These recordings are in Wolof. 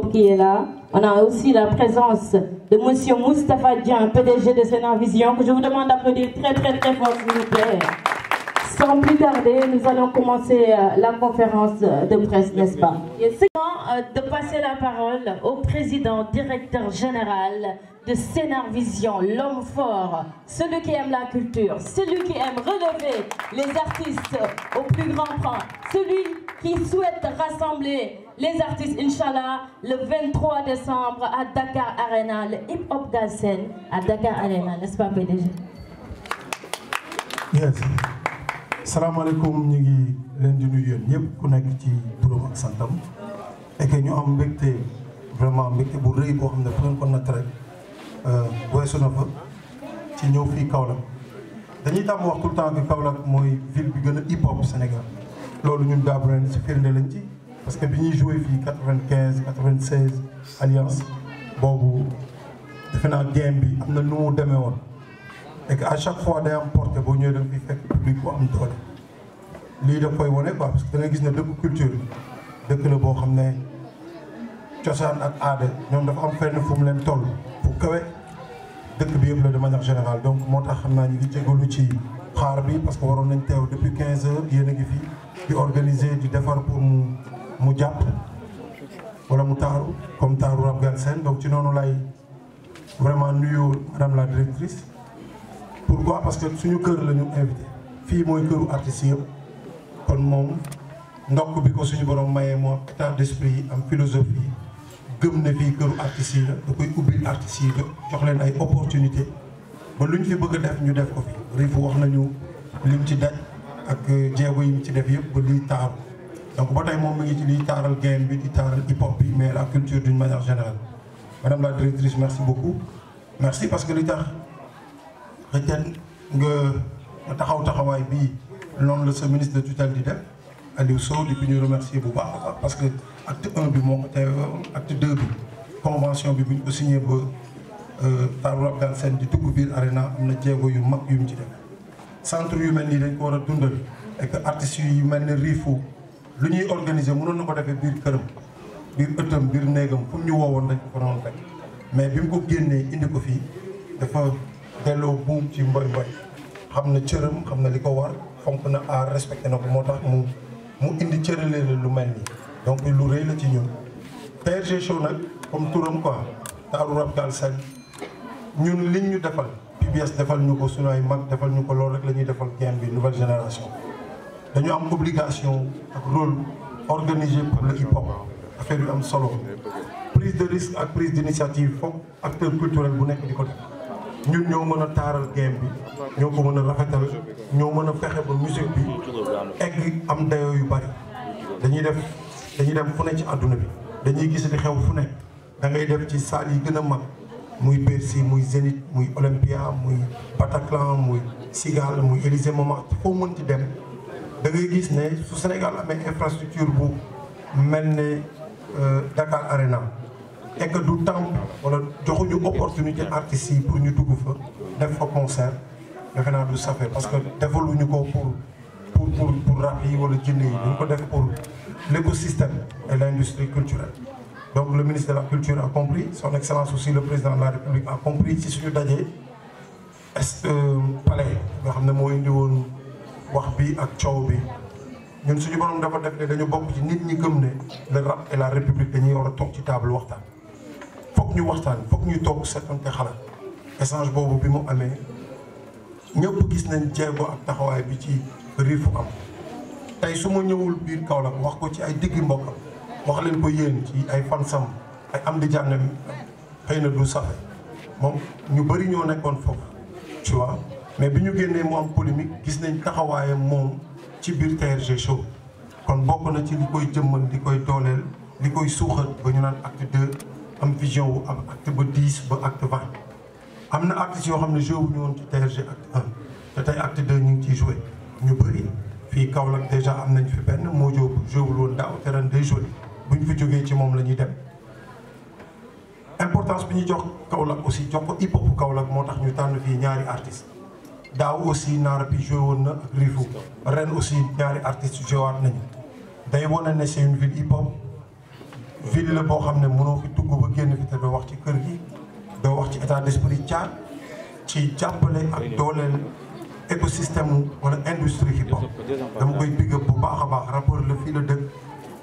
Diop qui est là. On a de Monsieur Moustapha Dian, PDG de Sénat Vision, que je vous demande d'applaudir très très très fort Sans plus tarder, nous allons commencer la conférence de presse, n'est-ce pas de passer la parole au président directeur général de Sénat Vision, l'homme fort, celui qui aime la culture, celui qui aime relever les artistes au plus grand rang, celui qui souhaite rassembler les le décembre à Dakar Arena le hip hop Galsen à Dakar Arena n'est-ce pas PDG. yes salaamaaleykum ñu ngi leen di nuyu yéen ñëpp ku nekk ci turam ak santam et ñu am mbégte vraiment mbégte bu rëy boo xam ne bu ngeen ko natt rek euh, weesu na fa ci ñëw fii Kaolack dañuy tàmm wax tout le temps mooy ville bi gën a hip hop Sénégal loolu ñun daabu leen si firnde lañ ci. parce que bi ñuy joué fii 95 96 alliance boobu defe naa game bi am na lu mu demee woon et à chaque fois day am porté boo ñëwee da nga fiy fekk public bu am doole. lii da koy wane parce que da nga gis ne dëkk culture dëkk boo xam ne cosaan ak aada ñoom dafa am fenn fu mu leen toll fu kawe dëkk bi yëpp la de manière donc moo tax xam naa ñu ngi lu ci xaar bi parce que waroon nañ teew depuis 15 heures yéen a ngi fi di organiser di defar pour mu jàpp wala mu taaru comme taaru Rab Gan Sène donc ci noonu lay vraiment nuyu madame la directrice pourquoi parce que suñu kër lañu ñu invité fii mooy këru artistes yëpp kon moom ndokk bi ko suñu borom mayee moo am état d'esprit yi am philosophie yi gëm ne fii këru artistes yi la da koy ubbil artistes yi jox leen ay opportunité ba lu ñu fi bëgg a def ñu def ko fi riifu wax nañu lim ci daj ak euh, jéego yi mu ci def yëpp ba luy taaru donc ba tey moom mi ngi ci liy taaral game bi di taaral hip bi mais la culture d'une manière générale madame la directrice merci beaucoup merci parce que li tax xëjten nga taxaw taxawaay bi noonu la sa ministre de tutelle di def Aliou Sow di ñu remercier bu baax a parce que acte 1 bi moo ko teewoon acte bi convention bi bu ñu ko signé ba Taaru euh, Abdal Sène di dugg biir arena am na jéego yu mag yu mu ci def centre yu mel nii dañ ko war a dundal et que yu mel li ñuy organiser mënoon na ko defee biir këram biir ëttam biir néegam fu mu ñu woowoon rek ko noonu fekk mais bi mu ko génnee indi ko fii dafa delloo buum ci mboy mboy xam na cëram xam na li ko war fonk na aar respecté na ko moo tax mu mu indi cëralee la lu mel nii donc lu rëy la ci ñun PRG Show nag comme turam quoi taaru rab daal seen ñun liñ ñu defal PBS defal ñu ko su ay mag defal ñu ko loolu rek la ñuy defal game bi nouvelle génération dañu am obligation ak rôle organisé par le hip hop affaire yu am solo prise de risque ak prise d' initiative foog acteur culturel bu nekk di ko def ñun ñoo mën a taaral game bi ñoo ko mën a rafetal ñoo mën a fexe ba musique bi egg am dayoo yu bari dañuy def dañuy dem fu ne ci àdduna bi dañuy gis li xew fu ne da ngay def ci salle yi gën a mag muy Bercy muy Zénith muy Olympia muy Bataclan muy Cigale muy Élysée Montmartre foo mën ci dem da ngay gis ne su Sénégal amee infrastructure bu mel ne euh, Dakar Arena et que du temps wala joxuñu opportunité artistes yi pour ñu dugg fa def fa concert defe naa du safee parce que defaluñu ko pour pour pour pour rap yi wala jënd yi dañ ko def pour l'écosystème et l'industrie culturelle donc le ministre de la culture a compris son excellence aussi le président de la république a compris ci suñu dajee est palais nga xam ne moo indi wax bi ak coow bi ñun suñu borom dafa def ne dañu bokk ci nit ñi gëm ne le rap et la république dañuy war a toog ci taabal waxtaan. foog ñu waxtaan foog ñu toog seetante xalaat échange boobu bi mu amee ñëpp gis nañ jéego ak taxawaay bi ci riifu am tey su ma ñëwul biir Kaolack wax ko ci ay diggi mbokkam wax leen ko yéen ci ay fansam ay am di jàngam xëy na du safe moom ñu bëri ñoo nekkoon foofu tu mais bi ñu génnee mu am polémique gis nañ taxawaayam moom ci biir TRG show kon bokk na ci li koy jëmmal li koy dooleel li koy suuxat ba ñu naan acte deux am vision wu am acte ba dix ba acte vingt am na actes yoo xam ne joué ñu woon ci TRG acte de ñu ngi ciy joué ñu bëri fii Kaolack déjà am nañ fi benn moo jóob joué wul woon daaw te ren day joué bu ñu fi jógee ci moom la ñuy dem importance bi ñu jox Kaolack aussi jox ko hip hop Kaolack moo tax ñu tànn fii ñaari artistes. daaw aussi naara bi joué woon na ak Rifu ren aussi ñaari artistes joué waat nañu day wane ne c'est une ville hip hop ville la boo xam ne mënoo fi dugg ba génn fi te doo wax ci kër gi doo wax ci état d'esprit caar ci jàppale ak dooleel écosystème wala industrie hip hop dama koy big up bu baax a baax rapport la fii la dëkk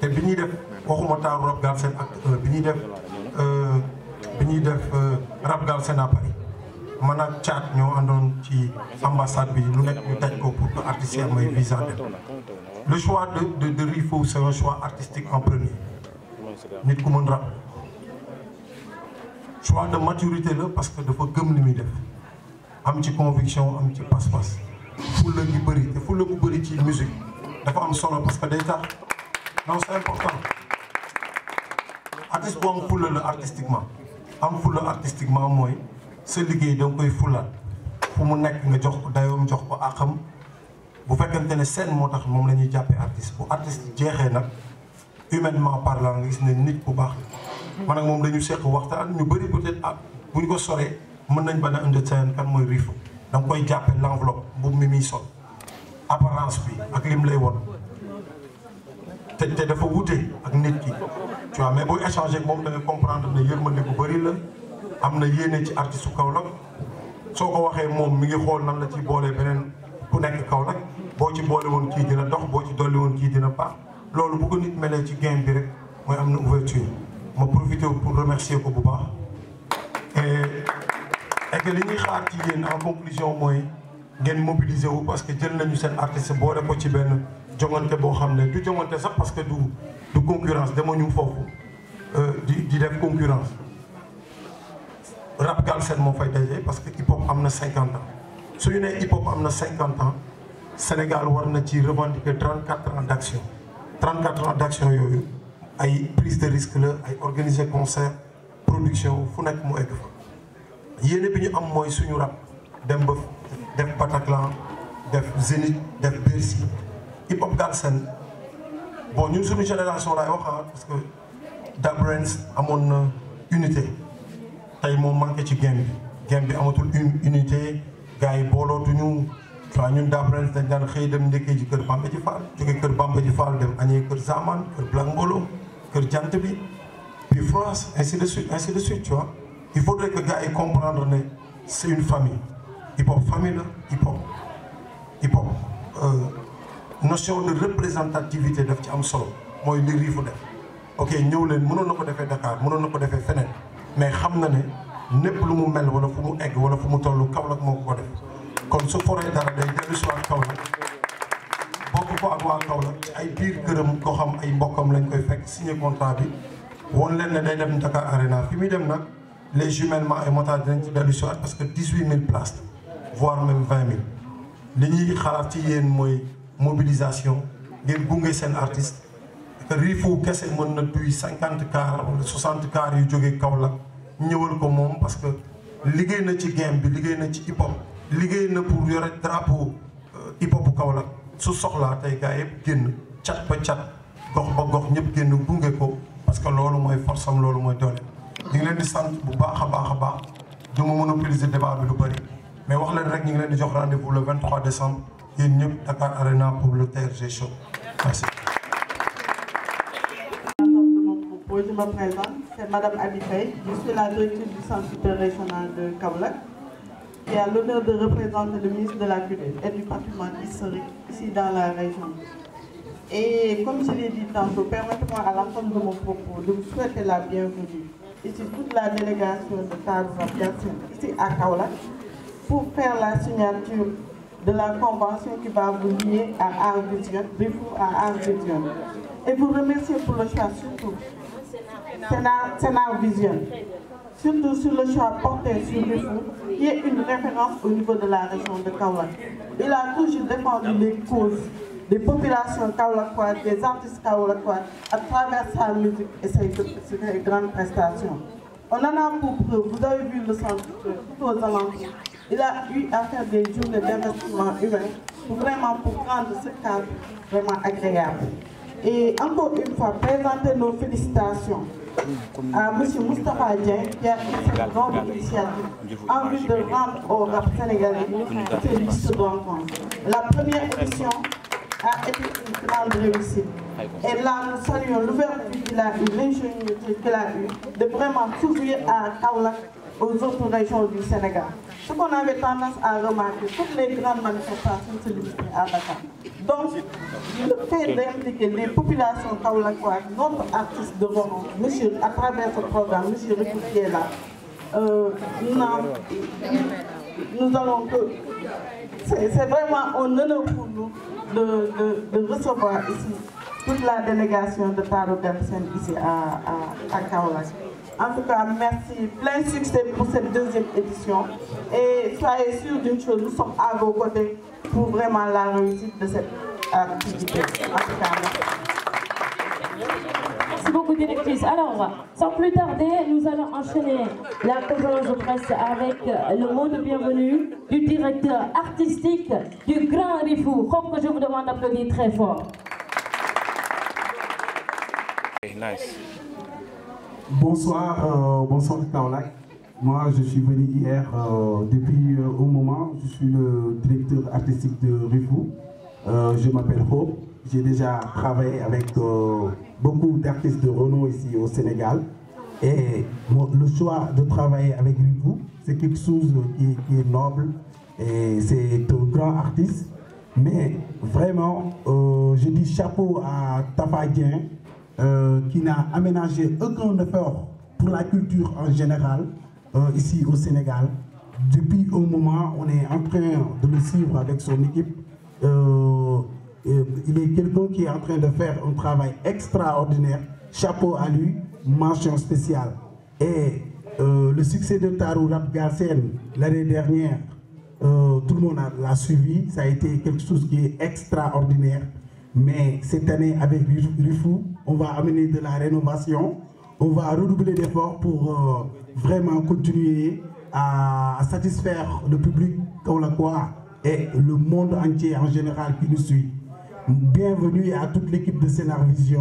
te bi ñuy def waxuma taaru rap Galsen ak euh, bi ñuy def euh, bi ñuy def euh, rap Galsen à man ak Thiat ñoo àndoon ci ambassade bi lu nekk ñu daj ko pour que artistes yi visa dem le choix de de de Rifo c'est artistique en premier nit ku mën rap choix de maturité la parce que dafa gëm li muy def am ci conviction am ci pas-pas fulla gi bëri te fulla bu bëri ci musique dafa am solo parce que day tax non c'est important artiste bu am fulla la artistiquement am fulla artistiquement mooy sa liggéey da nga koy fulaat fu mu nekk nga jox ko dayoom jox ko àqam bu fekkante ne seen moo tax moom la ñuy jàppee artiste bu artiste jeexee nag humainement parlant nga gis ne nit bu baax la. man ak moom wax seq waxtaan ñu bëri peut-être ah bu ñu ko soree mën nañ ba a understand kan mooy Riifou da nga koy jàppee l'enveloppe mbubb mi muy sol apparence bi ak lim lay won te te dafa wute ak nit ki tu vois mais boo échanger moom da nga comprendre ne yërmande bu bëri la. am na yéene ci artiste Kaolack soo ko waxee moom mi ngi xool nan la ci boole beneen ku nekk Kaolack boo ci boole woon kii dina ndox boo ci dolli woon kii dina baax loolu bu ko nit melee ci game bi rek mooy am na ouverture ma profité pour remercier ko bu baax et que li ñuy xaar ci yéen en conclusion mooy ngeen mobiliser wu parce que jël nañu seen artiste boole ko ci benn jongante boo xam ne du jongante sax parce que du du concurrence dama ñu foofu euh, di di def concurrence rap Galsen moo fay daje parce que hip hop am na cinquante ans su ñu nee hip hop am na cinquante ans Sénégal war na ci revendiquer trente quatre ans d' action trente quatre ans d' yooyu ay prise de risque la ay organiser concert production fu nekk mu egg fa yéene bi ñu am mooy suñu rap dem ba def Bataclan def Zénith def Bercy hip hop Galsen bon ñun suñu génération laay wax ah, parce que Dabrens amoon na unité tey man manqué ci game bi game bi amatul une unité gars yi boolootuñu waaw ñun daam ren dañ daan xëy dem ndekkee ci kër Bamba ji Fall jóge kër Bamba ji Fall dem añee kër Zaman kër Black Mbolo kër Jant bi puis France ainsi de suite ainsi de suite tu il faudrait que gars yi comprendre ne c'est une famille hip hop famille la hip hop hip hop euh, notion de représentativité daf ci am solo mooy li riifu def ok ñëw leen mënoon na ko defee Dakar mënoon na ko defee feneen mais xam na ne népp lu mu mel wala fu mu egg wala fu mu toll Kaolack moom ko def kon su foree dara day dellu si waat Kaolack bokk ko ak waa Kaolack ci ay biir këram ko xam ay mbokkam lañ koy fekk signé contrat bi woon leen ne day dem Dakar Arena fi muy dem nag les jumellement ay motards dinañ ci dellu si waat parce que dix-huit mille places voire même vingt mille li ñuy xalaat ci yéen mooy mobilisation ngeen gunge seen artiste riifu kese mën na duy cinquante car wala soixante car yu jógee Kaolack ñëwal ko moom parce que liggéey na ci game bi liggéey na ci hip hop liggéey na pour yore drapeau euh, hip hop Kaolack su soxlaa tey gaa yëpp génn cat ba cat gox ba gox ñëpp génn gunge ko parce que loolu mooy force am loolu mooy doole. ñu ngi leen di sant bu baax a baax a baax du ma monopoliser débat bi lu bëri mais wax leen rek ñu ngi leen di jox rendez-vous le 23 décembre yéen ñëpp Dakar Arena pour le TRG show merci. Thiambo, je me présente, c'est Madame Abitay, je suis la directrice du Centre régional de Kaolack, qui a l'honneur de représenter le ministre de la Culture et du patrimoine historique ici dans la région. Et comme je l'ai dit tantôt, permettez-moi à l'ensemble mon propos de vous souhaiter la bienvenue ici toute la délégation de Tazab ici à Kaolack pour faire la signature de la convention qui va vous lier à Art Vision, à Art Vision. Et pour le Sénat Vision, surtout sur le choix porté sur Rufou, qui est une référence de la région de Kaolack. Il a toujours défendu les causes des populations kaolackoises, des artistes kaolackois, à travers sa musique et ses, ses On a pour preuve, vous avez vu le centre tout aux alentours. Il a eu à faire des journées d'investissement humain pour vraiment pour rendre ce cadre vraiment agréable. Et encore une fois, présenter nos félicitations à ah, M. Moustapha Dieng qui a pris cette grande initiative en vue de rendre au rap sénégalais ce second La première édition a été une grande réussite. Et là, nous saluons l'ouverture qu'il a eu, l'ingénierie qu'il a eu de vraiment s'ouvrir à Kaolak aux autres régions du Sénégal. Ce qu'on avait tendance à remarquer, toutes les grandes manifestations se limitaient à Dakar. Donc, le fait d'impliquer les populations kaolakoises, notre de renom, monsieur, à travers ce programme, monsieur Ricoutier là, euh, nous, nous allons vraiment un honneur pour nous de, de, de recevoir ici délégation de Taro Delsen ici à, à, à Kaolack. En tout cas, merci. Plein succès pour cette deuxième édition. Et soyez sûrs d'une chose, nous sommes à vos côtés pour vraiment la réussite de cette activité. En tout cas, merci. Merci beaucoup, directrice. Alors, sans plus tarder, nous allons enchaîner la conférence de presse avec le mot de bienvenue du directeur artistique du Grand Rifou. Comme que je vous demande d'applaudir très fort. Hey, nice. Bonsoir, euh, bonsoir Kaolac. Moi, je suis venu hier. Euh, depuis euh, un moment, je suis le directeur artistique de Rifou. Euh, je m'appelle Hope. J'ai déjà travaillé avec euh, beaucoup d'artistes de renom ici au Sénégal. Et le choix de travailler avec Rifou, c'est quelque chose qui, est noble. Et c'est un grand artiste. Mais vraiment, je dis chapeau à Tafadien euh, qui n'a aménagé aucun effort pour la culture en général euh, ici au Sénégal. Depuis un moment, on est en train de le suivre avec son équipe. Euh, euh, il est quelqu'un qui est en train de faire un travail extraordinaire. Chapeau à lui, mention spéciale. Et euh, le succès de Tarou Rap l'année dernière, tout le monde l'a suivi. Ça a été quelque chose qui est extraordinaire. Mais cette année, avec Rifou, on va amener de la rénovation, on va redoubler d'efforts pour euh, vraiment continuer à, à satisfaire le public kaolackois et le monde entier en général qui nous suit. Bienvenue à toute l'équipe de Sénar manché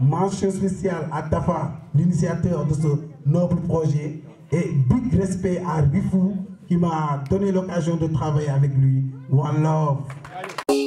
Mention spéciale à Tafa, l'initiateur de ce noble projet. Et big respect à Rifou qui m'a donné l'occasion de travailler avec lui. One love.